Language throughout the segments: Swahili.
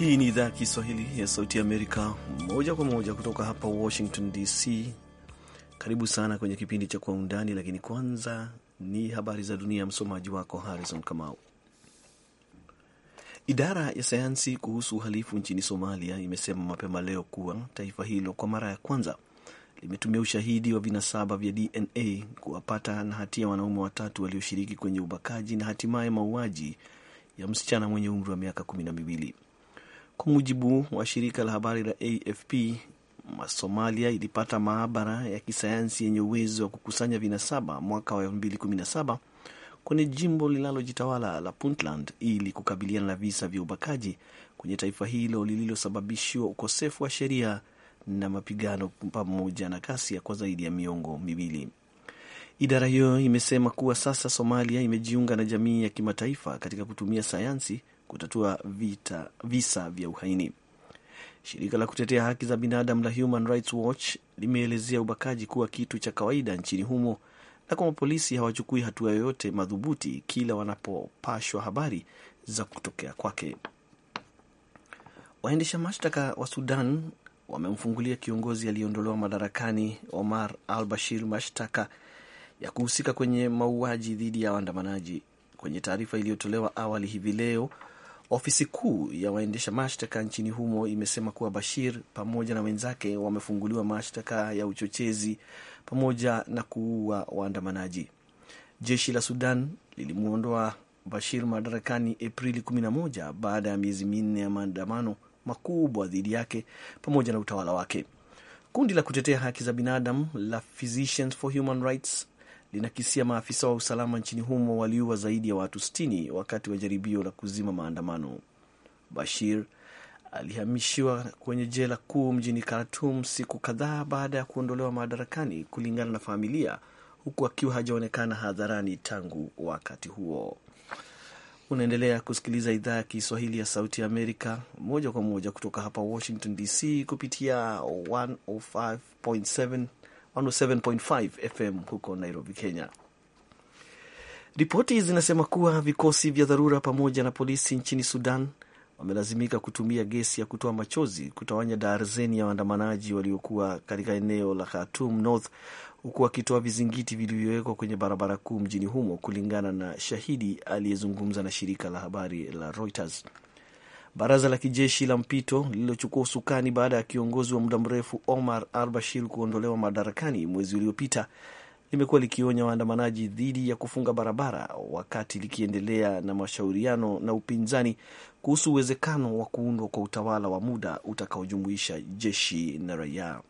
Hii ni idhaa ya Kiswahili ya Sauti ya Amerika, moja kwa moja kutoka hapa Washington DC. Karibu sana kwenye kipindi cha Kwa Undani, lakini kwanza ni habari za dunia. Msomaji wako Harrison Kamau. Idara ya sayansi kuhusu uhalifu nchini Somalia imesema mapema leo kuwa taifa hilo kwa mara ya kwanza limetumia ushahidi wa vinasaba vya DNA kuwapata na hatia wanaume watatu walioshiriki kwenye ubakaji na hatimaye mauaji ya msichana mwenye umri wa miaka kumi na miwili. Kwa mujibu wa shirika la habari la AFP, Somalia ilipata maabara ya kisayansi yenye uwezo wa kukusanya vinasaba mwaka wa 2017 kwenye jimbo linalojitawala la Puntland ili kukabiliana na visa vya ubakaji kwenye taifa hilo lililosababishiwa ukosefu wa sheria na mapigano pamoja na ghasia kwa zaidi ya miongo miwili. Idara hiyo imesema kuwa sasa Somalia imejiunga na jamii ya kimataifa katika kutumia sayansi kutatua vita, visa vya uhaini. Shirika la kutetea haki za binadamu la Human Rights Watch limeelezea ubakaji kuwa kitu cha kawaida nchini humo na kwamba polisi hawachukui hatua yoyote madhubuti kila wanapopashwa habari za kutokea kwake. Waendesha mashtaka wa Sudan wamemfungulia kiongozi aliyeondolewa madarakani Omar al Bashir mashtaka ya kuhusika kwenye mauaji dhidi ya waandamanaji. Kwenye taarifa iliyotolewa awali hivi leo, Ofisi kuu ya waendesha mashtaka nchini humo imesema kuwa Bashir pamoja na wenzake wamefunguliwa mashtaka ya uchochezi pamoja na kuua waandamanaji. Jeshi la Sudan lilimwondoa Bashir madarakani Aprili 11 baada ya miezi minne ya maandamano makubwa dhidi yake pamoja na utawala wake. Kundi la kutetea haki za binadamu la Physicians for Human Rights linakisia maafisa wa usalama nchini humo waliua zaidi ya watu 60 wakati wa jaribio la kuzima maandamano. Bashir alihamishiwa kwenye jela kuu mjini Khartum siku kadhaa baada ya kuondolewa madarakani, kulingana na familia, huku akiwa hajaonekana hadharani tangu wakati huo. Unaendelea kusikiliza idhaa ya Kiswahili ya Sauti ya Amerika moja kwa moja kutoka hapa Washington DC kupitia 105.7 107.5 FM huko Nairobi, Kenya. Ripoti zinasema kuwa vikosi vya dharura pamoja na polisi nchini Sudan wamelazimika kutumia gesi ya kutoa machozi kutawanya darzeni ya waandamanaji waliokuwa katika eneo la Khartoum North huku wakitoa vizingiti vilivyowekwa kwenye barabara kuu mjini humo, kulingana na shahidi aliyezungumza na shirika la habari la Reuters. Baraza la kijeshi la mpito lililochukua usukani baada ya kiongozi wa muda mrefu Omar al-Bashir kuondolewa madarakani mwezi uliopita limekuwa likionya waandamanaji dhidi ya kufunga barabara wakati likiendelea na mashauriano na upinzani kuhusu uwezekano wa kuundwa kwa utawala wa muda utakaojumuisha jeshi na raia.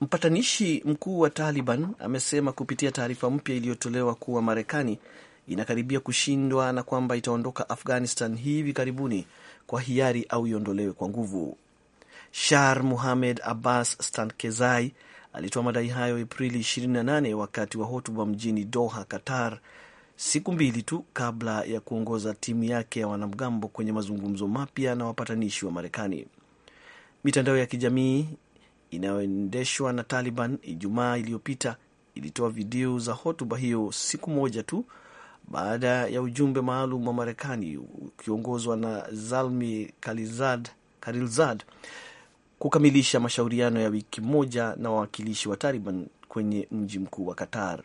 Mpatanishi mkuu wa Taliban amesema kupitia taarifa mpya iliyotolewa kuwa Marekani inakaribia kushindwa na kwamba itaondoka Afghanistan hivi karibuni kwa hiari au iondolewe kwa nguvu. Shar Muhamed Abbas Stankezai alitoa madai hayo Aprili 28 wakati wa hotuba mjini Doha, Qatar, siku mbili tu kabla ya kuongoza timu yake ya wanamgambo kwenye mazungumzo mapya na wapatanishi wa Marekani. Mitandao ya kijamii inayoendeshwa na Taliban Ijumaa iliyopita ilitoa video za hotuba hiyo siku moja tu baada ya ujumbe maalum wa Marekani ukiongozwa na Zalmi Karilzad kukamilisha mashauriano ya wiki moja na wawakilishi wa Taliban kwenye mji mkuu wa Qatar.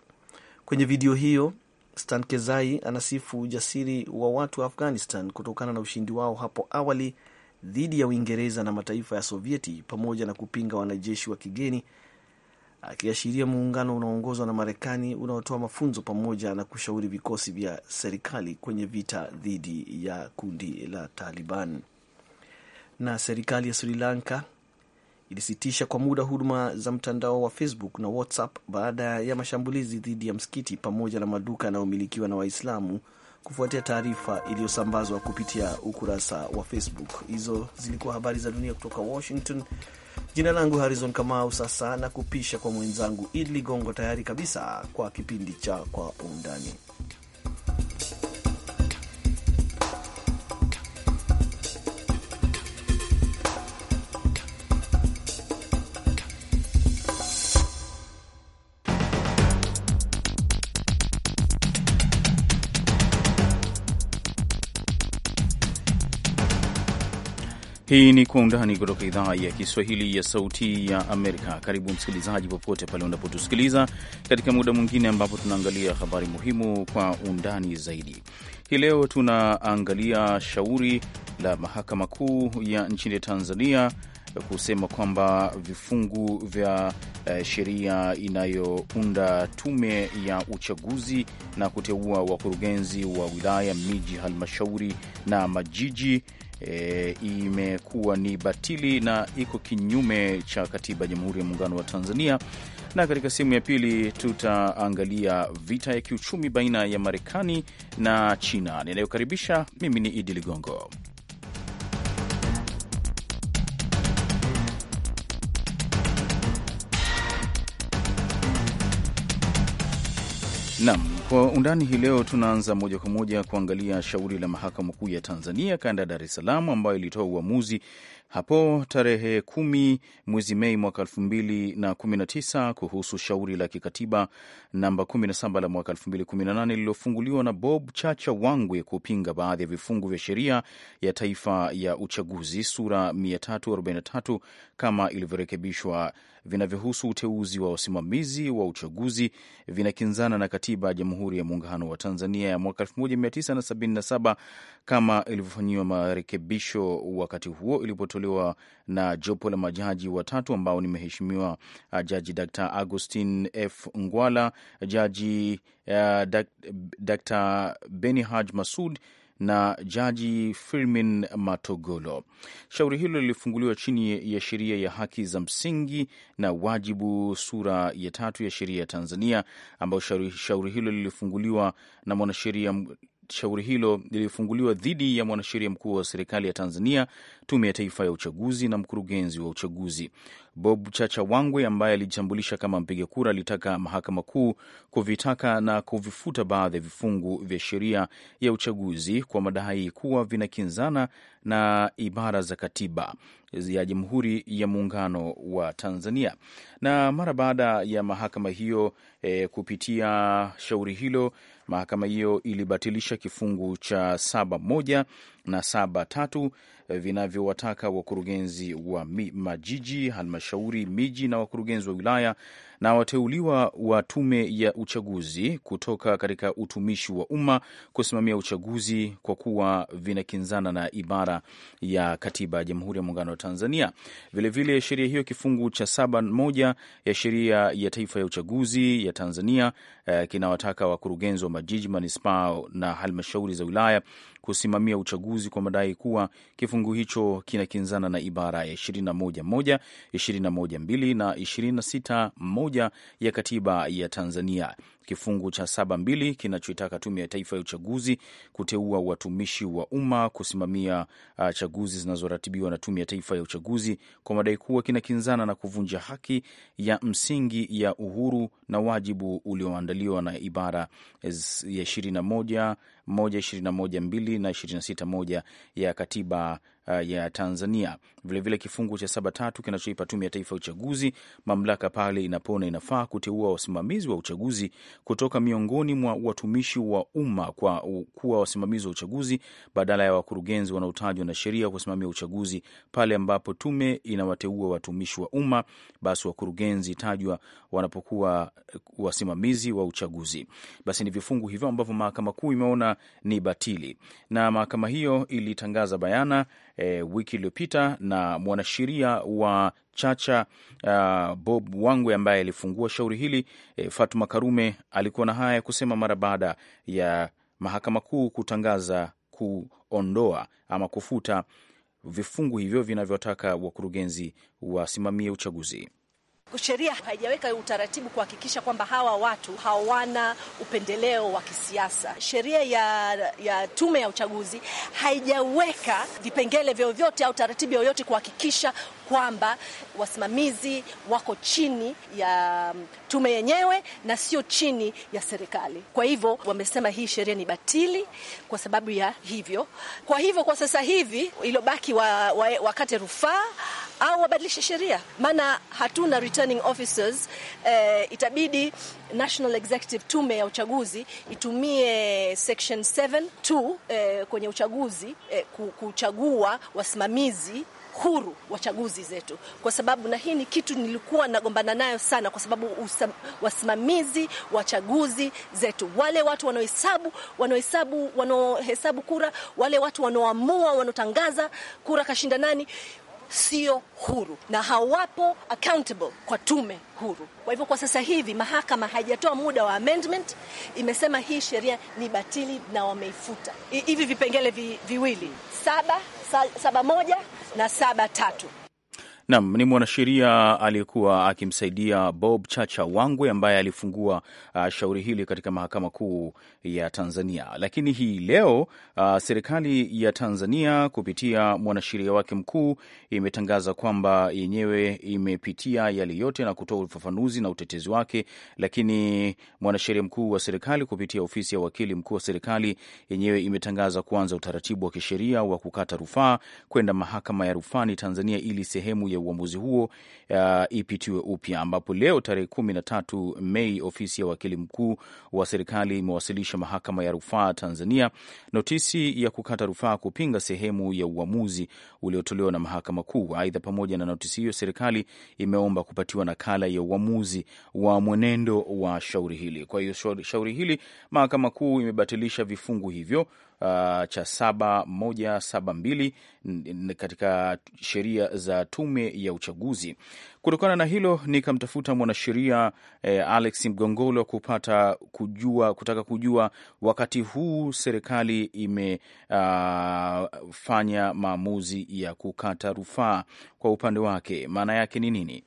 Kwenye video hiyo, Stan Kezai anasifu ujasiri wa watu wa Afghanistan kutokana na ushindi wao hapo awali dhidi ya Uingereza na mataifa ya Sovieti pamoja na kupinga wanajeshi wa kigeni akiashiria muungano unaoongozwa na Marekani unaotoa mafunzo pamoja na kushauri vikosi vya serikali kwenye vita dhidi ya kundi la Taliban. Na serikali ya Sri Lanka ilisitisha kwa muda huduma za mtandao wa Facebook na WhatsApp baada ya mashambulizi dhidi ya msikiti pamoja na maduka yanayomilikiwa na Waislamu kufuatia taarifa iliyosambazwa kupitia ukurasa wa Facebook. Hizo zilikuwa habari za dunia kutoka Washington. Jina langu Harrison Kamau. Sasa na kupisha kwa mwenzangu Idli Ligongo, tayari kabisa kwa kipindi cha Kwa Undani. Hii ni Kwa Undani kutoka idhaa ya Kiswahili ya Sauti ya Amerika. Karibu msikilizaji, popote pale unapotusikiliza katika muda mwingine ambapo tunaangalia habari muhimu kwa undani zaidi. Hii leo tunaangalia shauri la Mahakama Kuu ya nchini Tanzania kusema kwamba vifungu vya eh, sheria inayounda tume ya uchaguzi na kuteua wakurugenzi wa wilaya, miji, halmashauri na majiji e, imekuwa ni batili na iko kinyume cha katiba ya Jamhuri ya Muungano wa Tanzania. Na katika sehemu ya pili tutaangalia vita ya kiuchumi baina ya Marekani na China. Ninayokaribisha mimi ni Idi Ligongo. Naam. Kwa undani hii leo tunaanza moja kwa moja kuangalia shauri la mahakama kuu ya Tanzania kanda ya Dar es Salaam ambayo ilitoa uamuzi hapo tarehe kumi mwezi Mei mwaka elfu mbili na kumi na tisa kuhusu shauri la kikatiba namba 17 la mwaka elfu mbili kumi na nane lililofunguliwa na Bob Chacha Wangwe kupinga baadhi ya vifungu vya sheria ya taifa ya uchaguzi sura 343 kama ilivyorekebishwa vinavyohusu uteuzi wa wasimamizi wa uchaguzi vinakinzana na katiba ya Jamhuri ya Muungano wa Tanzania ya mwaka 1977 kama ilivyofanyiwa marekebisho wakati huo ilipotolewa yaliyotolewa na jopo la majaji watatu ambao ni Mheshimiwa uh, Jaji Dr Agustin F Ngwala, Jaji uh, Dr Benihaj Masud na Jaji Firmin Matogolo. Shauri hilo lilifunguliwa chini ya sheria ya haki za msingi na wajibu sura ya tatu ya sheria ya Tanzania, ambayo shauri hilo lilifunguliwa na mwanasheria shauri hilo lilifunguliwa dhidi ya mwanasheria mkuu wa serikali ya Tanzania, tume ya taifa ya uchaguzi na mkurugenzi wa uchaguzi. Bob Chacha Wangwe ambaye alijitambulisha kama mpiga kura alitaka mahakama kuu kuvitaka na kuvifuta baadhi ya vifungu vya sheria ya uchaguzi kwa madai kuwa vinakinzana na ibara za katiba ya Jamhuri ya Muungano wa Tanzania. Na mara baada ya mahakama hiyo e, kupitia shauri hilo, mahakama hiyo ilibatilisha kifungu cha saba moja na saba tatu eh, vinavyowataka wakurugenzi wa majiji, halmashauri, miji na wakurugenzi wa wilaya na wateuliwa wa tume ya uchaguzi kutoka katika utumishi wa umma kusimamia uchaguzi kwa kuwa vinakinzana na ibara ya katiba ya Jamhuri ya Muungano wa Tanzania. Vilevile sheria hiyo kifungu cha saba moja ya sheria ya taifa ya uchaguzi ya Tanzania eh, kinawataka wakurugenzi wa majiji, manispaa na halmashauri za wilaya kusimamia uchaguzi kwa madai kuwa kifungu hicho kinakinzana na ibara ya 21 21.2 na moja ya katiba ya Tanzania kifungu cha saba mbili kinachoitaka Tume ya Taifa ya Uchaguzi kuteua watumishi wa umma kusimamia uh, chaguzi zinazoratibiwa na Tume ya Taifa ya Uchaguzi kwa madai kuwa kinakinzana na kuvunja haki ya msingi ya uhuru na wajibu ulioandaliwa na ibara ya ishirini na moja moja ishirini na moja mbili na ishirini na sita moja ya katiba uh, ya Tanzania. Vilevile vile kifungu cha saba tatu kinachoipa tume ya taifa ya uchaguzi mamlaka pale inapona inafaa kuteua wasimamizi wa uchaguzi kutoka miongoni mwa watumishi wa umma kwa kuwa wasimamizi wa uchaguzi badala ya wakurugenzi wanaotajwa na sheria kusimamia uchaguzi. Pale ambapo tume inawateua watumishi wa umma, basi wakurugenzi tajwa wanapokuwa eh, wasimamizi wa uchaguzi. Basi ni vifungu hivyo ambavyo mahakama kuu imeona ni batili, na mahakama hiyo ilitangaza bayana e, wiki iliyopita na mwanasheria wa Chacha uh, Bob Wangwe ambaye alifungua shauri hili e, Fatuma Karume alikuwa na haya ya kusema mara baada ya mahakama kuu kutangaza kuondoa ama kufuta vifungu hivyo vinavyotaka wakurugenzi wasimamie uchaguzi sheria haijaweka utaratibu kuhakikisha kwamba hawa watu hawana upendeleo wa kisiasa. Sheria ya, ya tume ya uchaguzi haijaweka vipengele vyovyote au taratibu yoyote kuhakikisha kwamba wasimamizi wako chini ya mm, tume yenyewe na sio chini ya serikali. Kwa hivyo wamesema hii sheria ni batili kwa sababu ya hivyo. Kwa hivyo kwa sasa hivi ilobaki wa, wa, wakate rufaa au wabadilishe sheria, maana hatuna returning officers. Eh, itabidi National Executive Tume ya uchaguzi itumie section 7.2 eh, kwenye uchaguzi eh, kuchagua wasimamizi huru wa chaguzi zetu, kwa sababu na hii ni kitu nilikuwa nagombana nayo sana, kwa sababu usa, wasimamizi wa chaguzi zetu, wale watu wanaohesabu wanaohesabu wanaohesabu kura, wale watu wanaoamua wanaotangaza kura kashinda nani, sio huru na hawapo accountable kwa tume huru. Kwa hivyo, kwa sasa hivi mahakama haijatoa muda wa amendment, imesema hii sheria ni batili na wameifuta hivi vipengele vi, viwili saba, saba moja na saba tatu. Nam ni mwanasheria aliyekuwa akimsaidia Bob Chacha Wangwe ambaye alifungua uh, shauri hili katika mahakama kuu ya Tanzania. Lakini hii leo uh, serikali ya Tanzania kupitia mwanasheria wake mkuu imetangaza kwamba yenyewe imepitia yale yote na kutoa ufafanuzi na utetezi wake. Lakini mwanasheria mkuu wa serikali kupitia ofisi ya wakili mkuu wa serikali yenyewe imetangaza kuanza utaratibu wa kisheria wa kukata rufaa kwenda mahakama ya rufani Tanzania ili sehemu ya uamuzi huo uh, ipitiwe upya, ambapo leo tarehe kumi na tatu Mei ofisi ya wakili mkuu wa serikali imewasilisha mahakama ya rufaa Tanzania notisi ya kukata rufaa kupinga sehemu ya uamuzi uliotolewa na mahakama kuu. Aidha, pamoja na notisi hiyo, serikali imeomba kupatiwa nakala ya uamuzi wa mwenendo wa shauri hili. Kwa hiyo shauri hili mahakama kuu imebatilisha vifungu hivyo uh, cha mbili katika sheria za tume ya uchaguzi. Kutokana na hilo nikamtafuta mwanasheria eh, Alex Mgongolo kupata kujua, kutaka kujua wakati huu serikali imefanya uh, maamuzi ya kukata rufaa kwa upande wake, maana yake ni nini?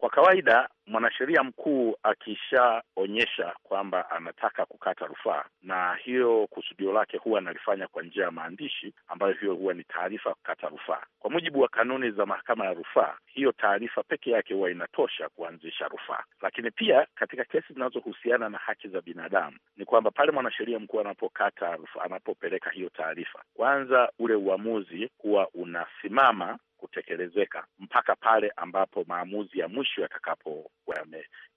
Kwa kawaida mwanasheria mkuu akishaonyesha kwamba anataka kukata rufaa, na hiyo kusudio lake huwa analifanya kwa njia ya maandishi, ambayo hiyo huwa ni taarifa ya kukata rufaa. Kwa mujibu wa kanuni za mahakama ya rufaa, hiyo taarifa peke yake huwa inatosha kuanzisha rufaa. Lakini pia katika kesi zinazohusiana na haki za binadamu ni kwamba pale mwanasheria mkuu anapokata rufaa, anapopeleka hiyo taarifa, kwanza ule uamuzi huwa unasimama kutekelezeka mpaka pale ambapo maamuzi ya mwisho yatakapo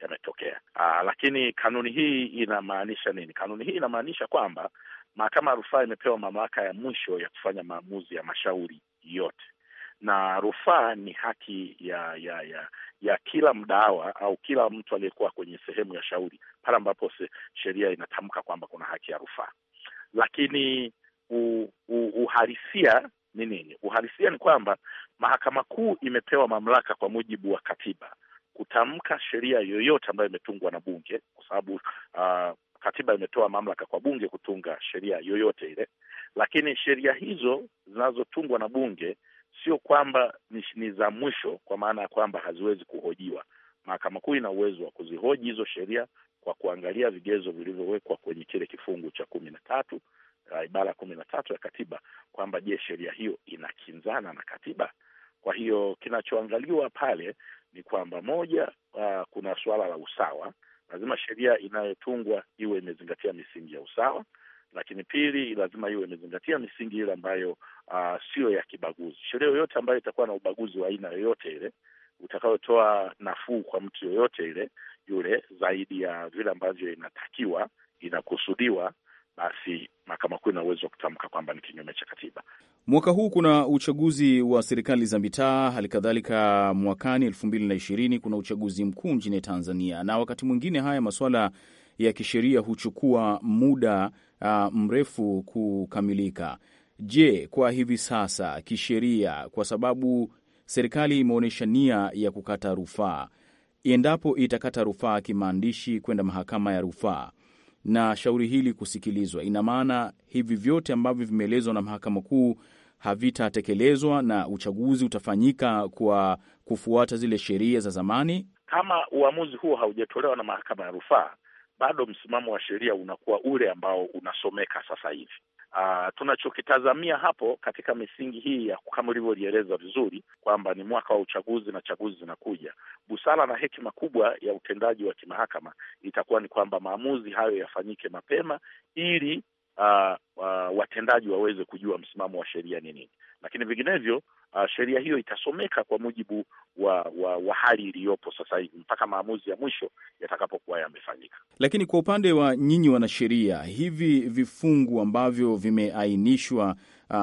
yametokea. Ah, lakini kanuni hii inamaanisha nini? Kanuni hii inamaanisha kwamba mahakama ya rufaa imepewa mamlaka ya mwisho ya kufanya maamuzi ya mashauri yote, na rufaa ni haki ya ya ya ya kila mdawa au kila mtu aliyekuwa kwenye sehemu ya shauri pale ambapo sheria inatamka kwamba kuna haki ya rufaa, lakini uhalisia ni nini? Uhalisia ni kwamba mahakama kuu imepewa mamlaka kwa mujibu wa katiba kutamka sheria yoyote ambayo imetungwa na bunge, kwa sababu uh, katiba imetoa mamlaka kwa bunge kutunga sheria yoyote ile, lakini sheria hizo zinazotungwa na bunge sio kwamba ni za mwisho, kwa maana ya kwamba haziwezi kuhojiwa. Mahakama Kuu ina uwezo wa kuzihoji hizo sheria kwa kuangalia vigezo vilivyowekwa kwenye kile kifungu cha kumi na tatu uh, ibara ya kumi na tatu ya katiba kwamba je, sheria hiyo inakinzana na katiba? Kwa hiyo kinachoangaliwa pale ni kwamba moja, uh, kuna suala la usawa. Lazima sheria inayotungwa iwe imezingatia misingi ya usawa, lakini pili, lazima iwe imezingatia misingi ile ambayo uh, eh, siyo ya kibaguzi. Sheria yoyote ambayo itakuwa na ubaguzi wa aina yoyote ile utakayotoa nafuu kwa mtu yoyote ile yule zaidi ya vile ambavyo inatakiwa inakusudiwa basi mahakama kuu ina uwezo wa kutamka kwamba ni kinyume cha katiba. Mwaka huu kuna uchaguzi wa serikali za mitaa, hali kadhalika mwakani elfu mbili na ishirini kuna uchaguzi mkuu nchini Tanzania, na wakati mwingine haya masuala ya kisheria huchukua muda uh, mrefu kukamilika. Je, kwa hivi sasa kisheria, kwa sababu serikali imeonyesha nia ya kukata rufaa, endapo itakata rufaa kimaandishi kwenda mahakama ya rufaa na shauri hili kusikilizwa. Ina maana hivi vyote ambavyo vimeelezwa na mahakama kuu havitatekelezwa na uchaguzi utafanyika kwa kufuata zile sheria za zamani. Kama uamuzi huo haujatolewa na mahakama ya rufaa, bado msimamo wa sheria unakuwa ule ambao unasomeka sasa hivi. Uh, tunachokitazamia hapo katika misingi hii ya kama ulivyolieleza vizuri kwamba ni mwaka wa uchaguzi na chaguzi zinakuja, busara na hekima kubwa ya utendaji wa kimahakama itakuwa ni kwamba maamuzi hayo yafanyike mapema ili uh, uh, watendaji waweze kujua msimamo wa sheria ni nini lakini vinginevyo uh, sheria hiyo itasomeka kwa mujibu wa, wa, wa hali iliyopo sasa hivi mpaka maamuzi ya mwisho yatakapokuwa yamefanyika. Lakini kwa upande wa nyinyi wanasheria, hivi vifungu ambavyo vimeainishwa uh,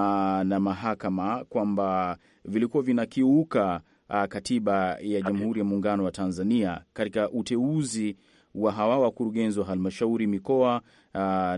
na mahakama kwamba vilikuwa vinakiuka uh, katiba ya Jamhuri ya Muungano wa Tanzania katika uteuzi wa hawa wakurugenzi wa halmashauri mikoa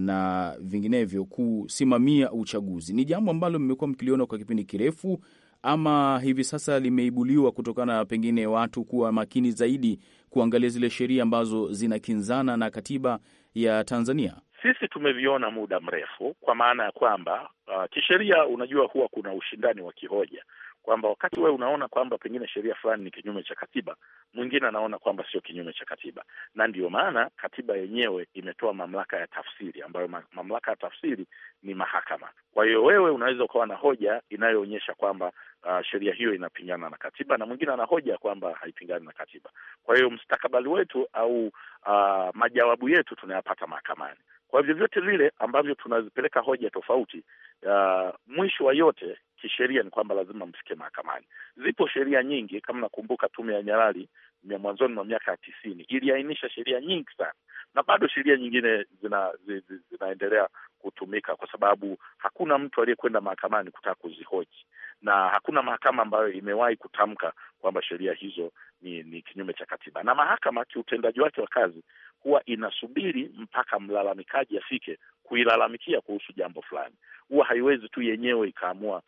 na vinginevyo kusimamia uchaguzi. Ni jambo ambalo mmekuwa mkiliona kwa kipindi kirefu, ama hivi sasa limeibuliwa kutokana na pengine watu kuwa makini zaidi kuangalia zile sheria ambazo zinakinzana na katiba ya Tanzania? Sisi tumeviona muda mrefu, kwa maana ya kwamba uh, kisheria, unajua huwa kuna ushindani wa kihoja kwamba wakati wewe unaona kwamba pengine sheria fulani ni kinyume cha katiba, mwingine anaona kwamba sio kinyume cha katiba, na ndiyo maana katiba yenyewe imetoa mamlaka ya tafsiri, ambayo mamlaka ya tafsiri ni mahakama. Kwa hiyo wewe unaweza ukawa na hoja inayoonyesha kwamba uh, sheria hiyo inapingana na katiba, na mwingine ana hoja kwamba haipingani na katiba. Kwa hiyo mstakabali wetu au uh, majawabu yetu tunayapata mahakamani. Kwa vyovyote vile ambavyo tunazipeleka hoja tofauti, uh, mwisho wa yote kisheria ni kwamba lazima mfike mahakamani. Zipo sheria nyingi, kama nakumbuka, tume ya Nyalali ya mwanzoni mwa miaka ya tisini iliainisha sheria nyingi sana, na bado sheria nyingine zina, zi, zi, zinaendelea kutumika kwa sababu hakuna mtu aliyekwenda mahakamani kutaka kuzihoji na hakuna mahakama ambayo imewahi kutamka kwamba sheria hizo ni, ni kinyume cha katiba. Na mahakama kiutendaji wake wa kazi huwa inasubiri mpaka mlalamikaji afike kuilalamikia kuhusu jambo fulani, huwa haiwezi tu yenyewe ikaamua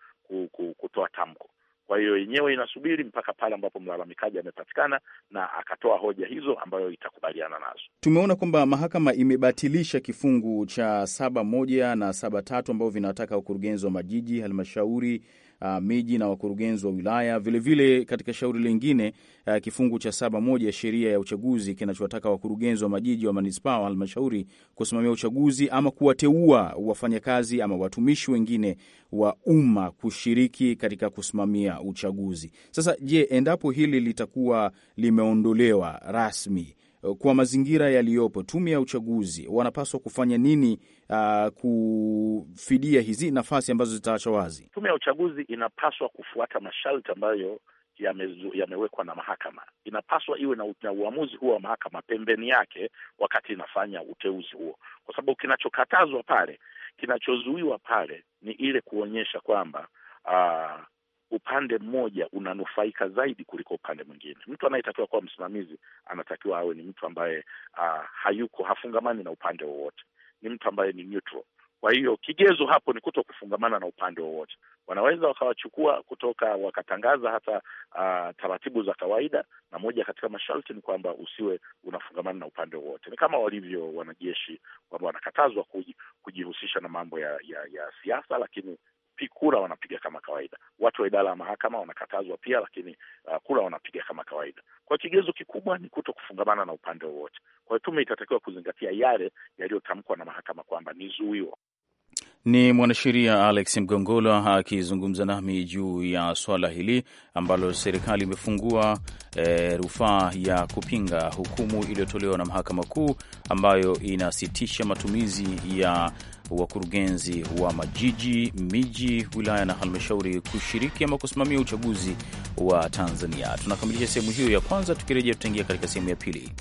kutoa tamko. Kwa hiyo yenyewe inasubiri mpaka pale ambapo mlalamikaji amepatikana na akatoa hoja hizo ambayo itakubaliana nazo. Tumeona kwamba mahakama imebatilisha kifungu cha saba moja na saba tatu ambavyo vinataka ukurugenzi wa majiji, halmashauri uh, miji na wakurugenzi wa wilaya. Vilevile katika shauri lingine uh, kifungu cha saba moja sheria ya uchaguzi kinachowataka wakurugenzi wa majiji wa manispaa wa halmashauri kusimamia uchaguzi ama kuwateua wafanyakazi ama watumishi wengine wa umma kushiriki katika kusimamia uchaguzi. Sasa je, endapo hili litakuwa limeondolewa rasmi kwa mazingira yaliyopo, tume ya uchaguzi wanapaswa kufanya nini uh, kufidia hizi nafasi ambazo zitaachwa wazi? Tume ya uchaguzi inapaswa kufuata masharti ambayo yamewekwa na mahakama. Inapaswa iwe na, na uamuzi huo wa mahakama pembeni yake wakati inafanya uteuzi huo, kwa sababu kinachokatazwa pale, kinachozuiwa pale ni ile kuonyesha kwamba uh, upande mmoja unanufaika zaidi kuliko upande mwingine. Mtu anayetakiwa kuwa msimamizi anatakiwa awe ni mtu ambaye uh, hayuko hafungamani na upande wowote, ni mtu ambaye ni neutral. Kwa hiyo kigezo hapo ni kuto kufungamana na upande wowote. Wanaweza wakawachukua kutoka wakatangaza hata uh, taratibu za kawaida, na moja katika masharti ni kwamba usiwe unafungamana na upande wowote. Ni kama walivyo wanajeshi kwamba wanakatazwa kujihusisha na mambo ya, ya, ya siasa, lakini kura wanapiga kama kawaida. Watu wa idara ya mahakama wanakatazwa pia, lakini uh, kura wanapiga kama kawaida. Kwa kigezo kikubwa ni kuto kufungamana na upande wowote. Kwa hiyo tume itatakiwa kuzingatia yale yaliyotamkwa na mahakama kwamba ni zuio. Ni mwanasheria Alex Mgongola akizungumza nami juu ya swala hili ambalo serikali imefungua e, rufaa ya kupinga hukumu iliyotolewa na mahakama kuu ambayo inasitisha matumizi ya wakurugenzi wa majiji, miji, wilaya na halmashauri kushiriki ama kusimamia uchaguzi wa Tanzania. Tunakamilisha sehemu hiyo ya kwanza, tukirejea tutaingia katika sehemu ya pili.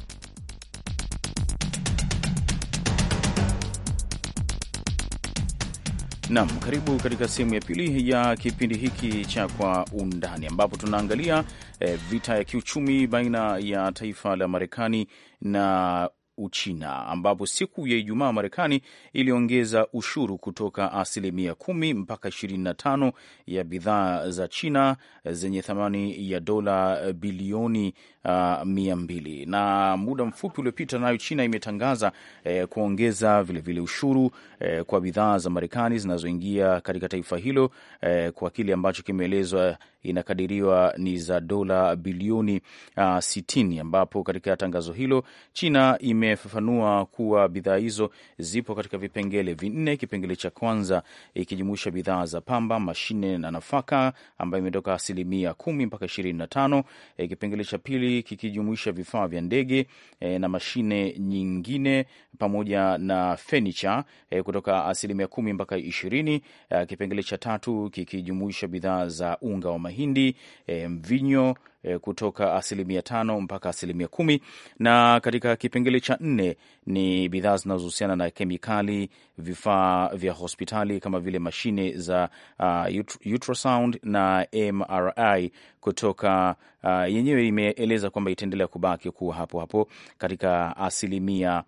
Nam, karibu katika sehemu ya pili ya kipindi hiki cha Kwa Undani, ambapo tunaangalia eh, vita ya kiuchumi baina ya taifa la Marekani na Uchina, ambapo siku ya Ijumaa Marekani iliongeza ushuru kutoka asilimia kumi mpaka ishirini na tano ya bidhaa za China zenye thamani ya dola bilioni uh, mia mbili. Na muda mfupi uliopita nayo China imetangaza eh, kuongeza vilevile vile ushuru eh, kwa bidhaa za Marekani zinazoingia katika taifa hilo eh, kwa kile ambacho kimeelezwa inakadiriwa ni za dola bilioni uh, sitini, ambapo katika tangazo hilo China imefafanua kuwa bidhaa hizo zipo katika vipengele vinne. Kipengele cha kwanza ikijumuisha bidhaa za pamba, mashine na nafaka ambayo imetoka asilimia kumi mpaka ishirini na tano. Eh, kipengele cha pili kikijumuisha vifaa vya ndege e, na mashine nyingine pamoja na fenicha e, kutoka asilimia kumi mpaka ishirini. E, kipengele cha tatu kikijumuisha bidhaa za unga wa mahindi e, mvinyo E, kutoka asilimia tano mpaka asilimia kumi na katika kipengele cha nne ni bidhaa zinazohusiana na kemikali, vifaa vya hospitali kama vile mashine za uh, ultrasound na MRI kutoka uh, yenyewe imeeleza kwamba itaendelea kubaki kuwa hapo hapo katika asilimia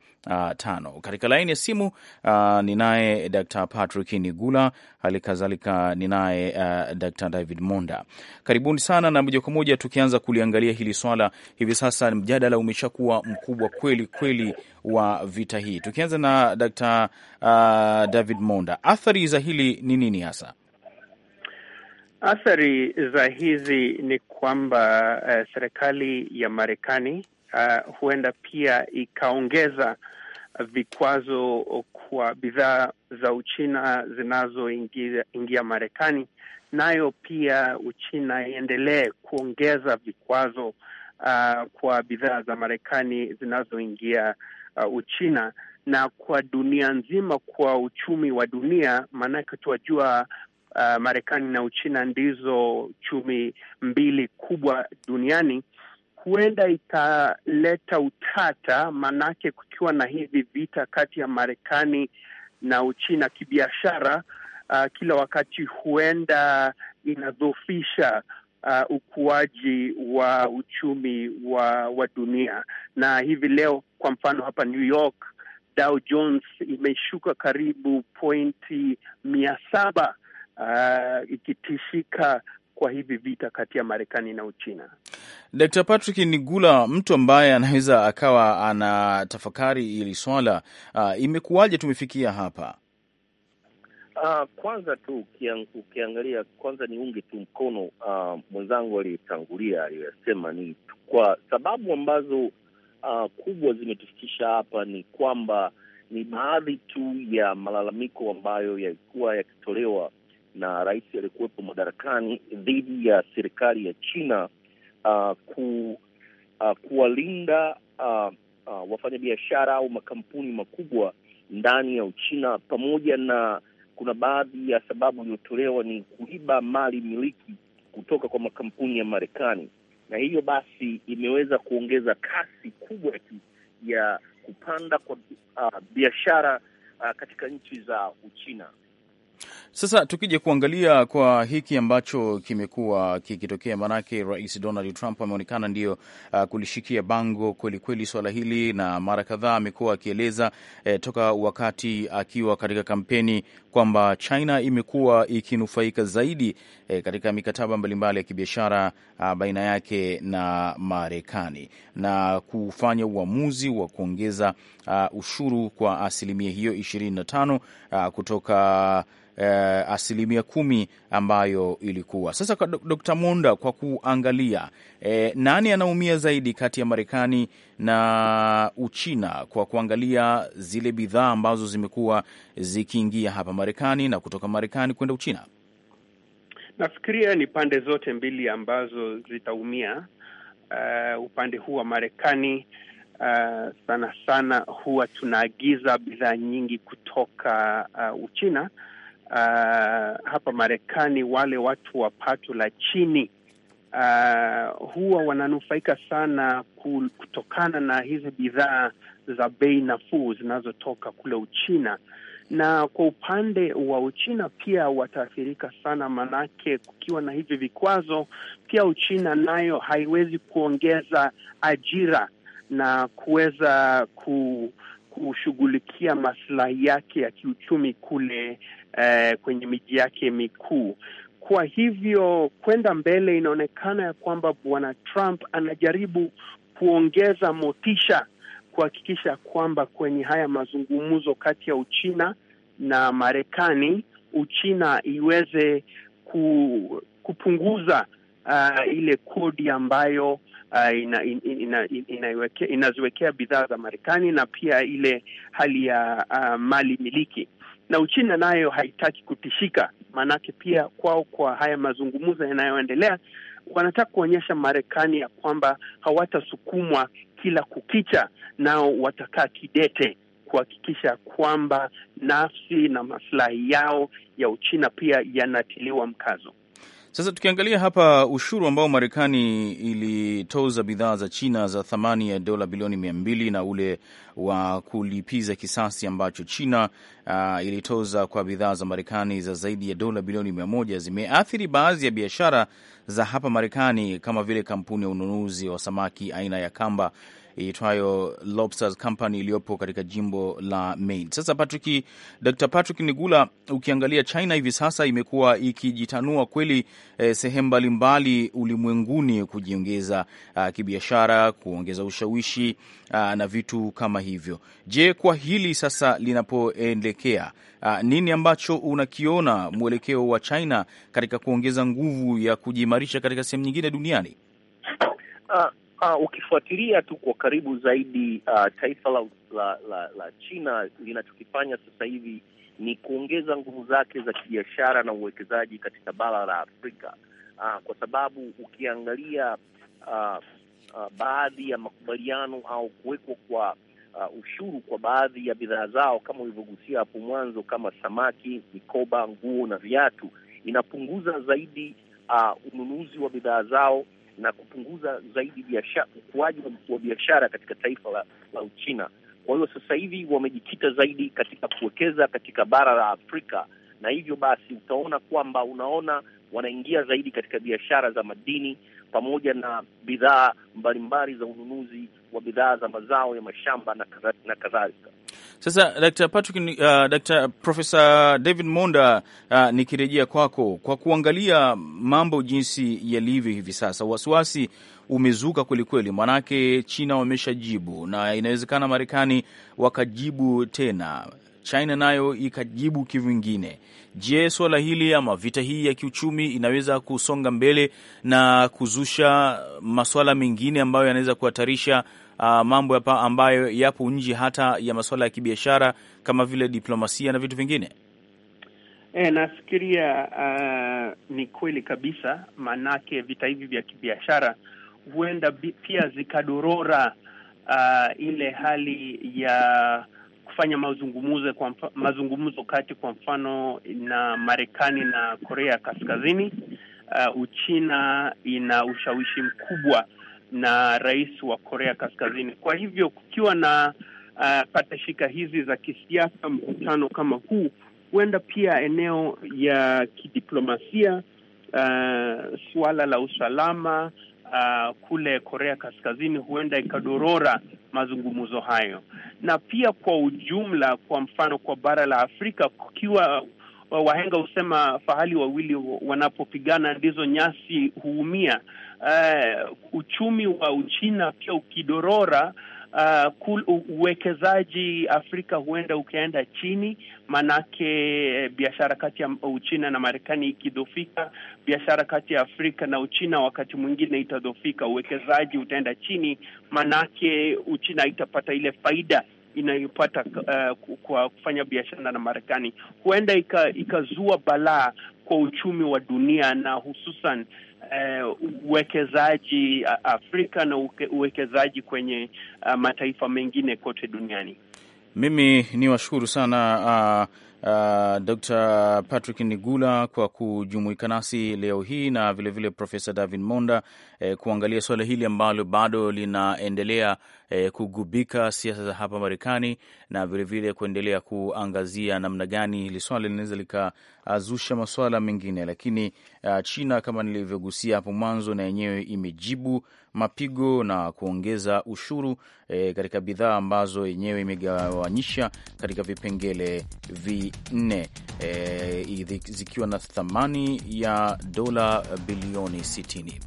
tano. Katika laini ya simu uh, ninaye Dr. Patrick Nigula, hali kadhalika ninaye uh, Dr. David Monda, karibuni sana. Na moja kwa moja tukianza kuliangalia hili swala hivi sasa, mjadala umeshakuwa mkubwa kweli kweli wa vita hii. Tukianza na Dr. uh, David Monda, athari za hili ni nini hasa? Athari za hizi ni kwamba uh, serikali ya Marekani uh, huenda pia ikaongeza vikwazo kwa bidhaa za Uchina zinazoingia ingia Marekani, nayo pia Uchina iendelee kuongeza vikwazo uh, kwa bidhaa za Marekani zinazoingia uh, Uchina na kwa dunia nzima, kwa uchumi wa dunia, maanake tuwajua uh, Marekani na Uchina ndizo chumi mbili kubwa duniani huenda ikaleta utata, maanake kukiwa na hivi vita kati ya Marekani na Uchina kibiashara, uh, kila wakati huenda inadhoofisha uh, ukuaji wa uchumi wa, wa dunia. Na hivi leo kwa mfano hapa New York Dow Jones imeshuka karibu pointi mia saba uh, ikitishika kwa hivi vita kati ya Marekani na Uchina. Dr. Patrick Nigula, mtu ambaye anaweza akawa ana tafakari hili swala uh, imekuwaje tumefikia hapa? Uh, kwanza tu ukiangalia kwanza niunge tu mkono uh, mwenzangu aliyetangulia aliyosema, ni kwa sababu ambazo uh, kubwa zimetufikisha hapa ni kwamba ni baadhi tu ya malalamiko ambayo yalikuwa yakitolewa na rais aliyekuwepo madarakani dhidi ya serikali ya China uh, ku, uh, kuwalinda uh, uh, wafanyabiashara au makampuni makubwa ndani ya Uchina, pamoja na kuna baadhi ya sababu iliyotolewa ni kuiba mali miliki kutoka kwa makampuni ya Marekani, na hiyo basi imeweza kuongeza kasi kubwa ya kupanda kwa uh, biashara uh, katika nchi za Uchina. Sasa tukija kuangalia kwa hiki ambacho kimekuwa kikitokea, maanake Rais Donald Trump ameonekana ndiyo uh, kulishikia bango kwelikweli swala hili, na mara kadhaa amekuwa akieleza eh, toka wakati akiwa katika kampeni kwamba China imekuwa ikinufaika zaidi eh, katika mikataba mbalimbali ya kibiashara uh, baina yake na Marekani na kufanya uamuzi wa kuongeza uh, ushuru kwa asilimia hiyo ishirini na tano uh, kutoka eh, asilimia kumi ambayo ilikuwa sasa. Kwa munda Monda, kwa kuangalia eh, nani anaumia zaidi kati ya Marekani na Uchina kwa kuangalia zile bidhaa ambazo zimekuwa zikiingia hapa Marekani na kutoka Marekani kwenda Uchina? Nafikiria ni pande zote mbili ambazo zitaumia. Uh, upande huu wa Marekani uh, sana sana huwa tunaagiza bidhaa nyingi kutoka uh, Uchina uh, hapa Marekani wale watu wa pato la chini uh, huwa wananufaika sana kutokana na hizi bidhaa za bei nafuu zinazotoka kule Uchina na kwa upande wa Uchina pia wataathirika sana, manake kukiwa na hivi vikwazo, pia Uchina nayo haiwezi kuongeza ajira na kuweza ku, kushughulikia maslahi yake ya kiuchumi kule eh, kwenye miji yake mikuu. Kwa hivyo kwenda mbele, inaonekana ya kwamba bwana Trump anajaribu kuongeza motisha kuhakikisha kwamba kwenye haya mazungumzo kati ya Uchina na Marekani, Uchina iweze ku, kupunguza uh, ile kodi ambayo uh, ina, ina, ina, inaziwekea bidhaa za Marekani na pia ile hali ya uh, mali miliki na Uchina nayo haitaki kutishika, maanake pia kwao kwa haya mazungumzo yanayoendelea wanataka kuonyesha Marekani ya kwamba hawatasukumwa kila kukicha, nao watakaa kidete kuhakikisha kwamba nafsi na maslahi yao ya Uchina pia yanatiliwa mkazo. Sasa tukiangalia hapa ushuru ambao Marekani ilitoza bidhaa za China za thamani ya dola bilioni mia mbili na ule wa kulipiza kisasi ambacho China uh, ilitoza kwa bidhaa za Marekani za zaidi ya dola bilioni mia moja zimeathiri baadhi ya biashara za hapa Marekani kama vile kampuni ya ununuzi wa samaki aina ya kamba iitwayo Lobsters Company iliyopo katika jimbo la Maine. Sasa Patrick, Dr. Patrick Nigula, ukiangalia China hivi sasa imekuwa ikijitanua kweli eh, sehemu mbalimbali ulimwenguni kujiongeza ah, kibiashara, kuongeza ushawishi ah, na vitu kama hivyo. Je, kwa hili sasa linapoelekea ah, nini ambacho unakiona mwelekeo wa China katika kuongeza nguvu ya kujiimarisha katika sehemu nyingine duniani? Uh, Uh, ukifuatilia tu kwa karibu zaidi uh, taifa la, la, la, la China linachokifanya sasa hivi ni kuongeza nguvu zake za kibiashara na uwekezaji katika bara la Afrika uh, kwa sababu ukiangalia uh, uh, baadhi ya makubaliano au kuwekwa kwa uh, ushuru kwa baadhi ya bidhaa zao kama ulivyogusia hapo mwanzo, kama samaki, mikoba, nguo na viatu, inapunguza zaidi uh, ununuzi wa bidhaa zao na kupunguza zaidi ukuaji wa biashara katika taifa la, la Uchina. Kwa hiyo sasa hivi wamejikita zaidi katika kuwekeza katika bara la Afrika, na hivyo basi utaona kwamba unaona wanaingia zaidi katika biashara za madini pamoja na bidhaa mbalimbali za ununuzi wa bidhaa za mazao ya mashamba na kadhalika. Sasa Dr. Patrick, uh, Dr. Profesa David Monda, uh, nikirejea kwako kwa kuangalia mambo jinsi yalivyo hivi sasa, wasiwasi umezuka kwelikweli, mwanake China wameshajibu na inawezekana Marekani wakajibu tena, China nayo ikajibu kivingine. Je, suala hili ama vita hii ya kiuchumi inaweza kusonga mbele na kuzusha masuala mengine ambayo yanaweza kuhatarisha uh, mambo hapa ambayo yapo nje hata ya masuala ya kibiashara kama vile diplomasia na vitu vingine? E, nafikiria uh, ni kweli kabisa, maanake vita hivi vya kibiashara huenda pia zikadorora uh, ile hali ya kufanya mazungumzo kwa mfa, mazungumzo kati kwa mfano na Marekani na Korea Kaskazini. Uh, Uchina ina ushawishi mkubwa na rais wa Korea Kaskazini. Kwa hivyo kukiwa na uh, patashika hizi za kisiasa, mkutano kama huu huenda pia eneo ya kidiplomasia uh, suala la usalama uh, kule Korea Kaskazini huenda ikadorora mazungumzo hayo, na pia kwa ujumla, kwa mfano kwa bara la Afrika kukiwa uh, wahenga husema fahali wawili wanapopigana ndizo nyasi huumia uh, uchumi wa Uchina pia ukidorora Uh, uwekezaji Afrika huenda ukaenda chini, manake eh, biashara kati ya Uchina na Marekani ikidhofika, biashara kati ya Afrika na Uchina wakati mwingine itadhofika, uwekezaji utaenda chini, manake Uchina itapata ile faida inayopata uh, kwa kufanya biashara na Marekani, huenda ikazua ika balaa kwa uchumi wa dunia na hususan Eh, uwekezaji Afrika na uwekezaji kwenye uh, mataifa mengine kote duniani. Mimi ni washukuru sana uh, Uh, Dr. Patrick Nigula kwa kujumuika nasi leo hii na vilevile Profesa David Monda eh, kuangalia suala hili ambalo bado linaendelea eh, kugubika siasa za hapa Marekani na vilevile kuendelea kuangazia namna gani hili swala linaweza likazusha masuala mengine. Lakini uh, China kama nilivyogusia hapo mwanzo, na yenyewe imejibu mapigo na kuongeza ushuru eh, katika bidhaa ambazo yenyewe imegawanyisha katika vipengele vinne eh, zikiwa na thamani ya dola bilioni 60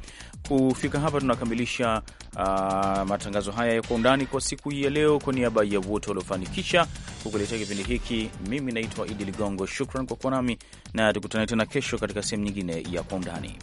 kufika hapa tunakamilisha uh, matangazo haya ya kwa undani kwa siku hii ya leo. Kwa niaba ya wote waliofanikisha kukuletea kipindi hiki, mimi naitwa Idi Ligongo. Shukran kwa kuwa nami na tukutane tena kesho katika sehemu nyingine ya kwa undani.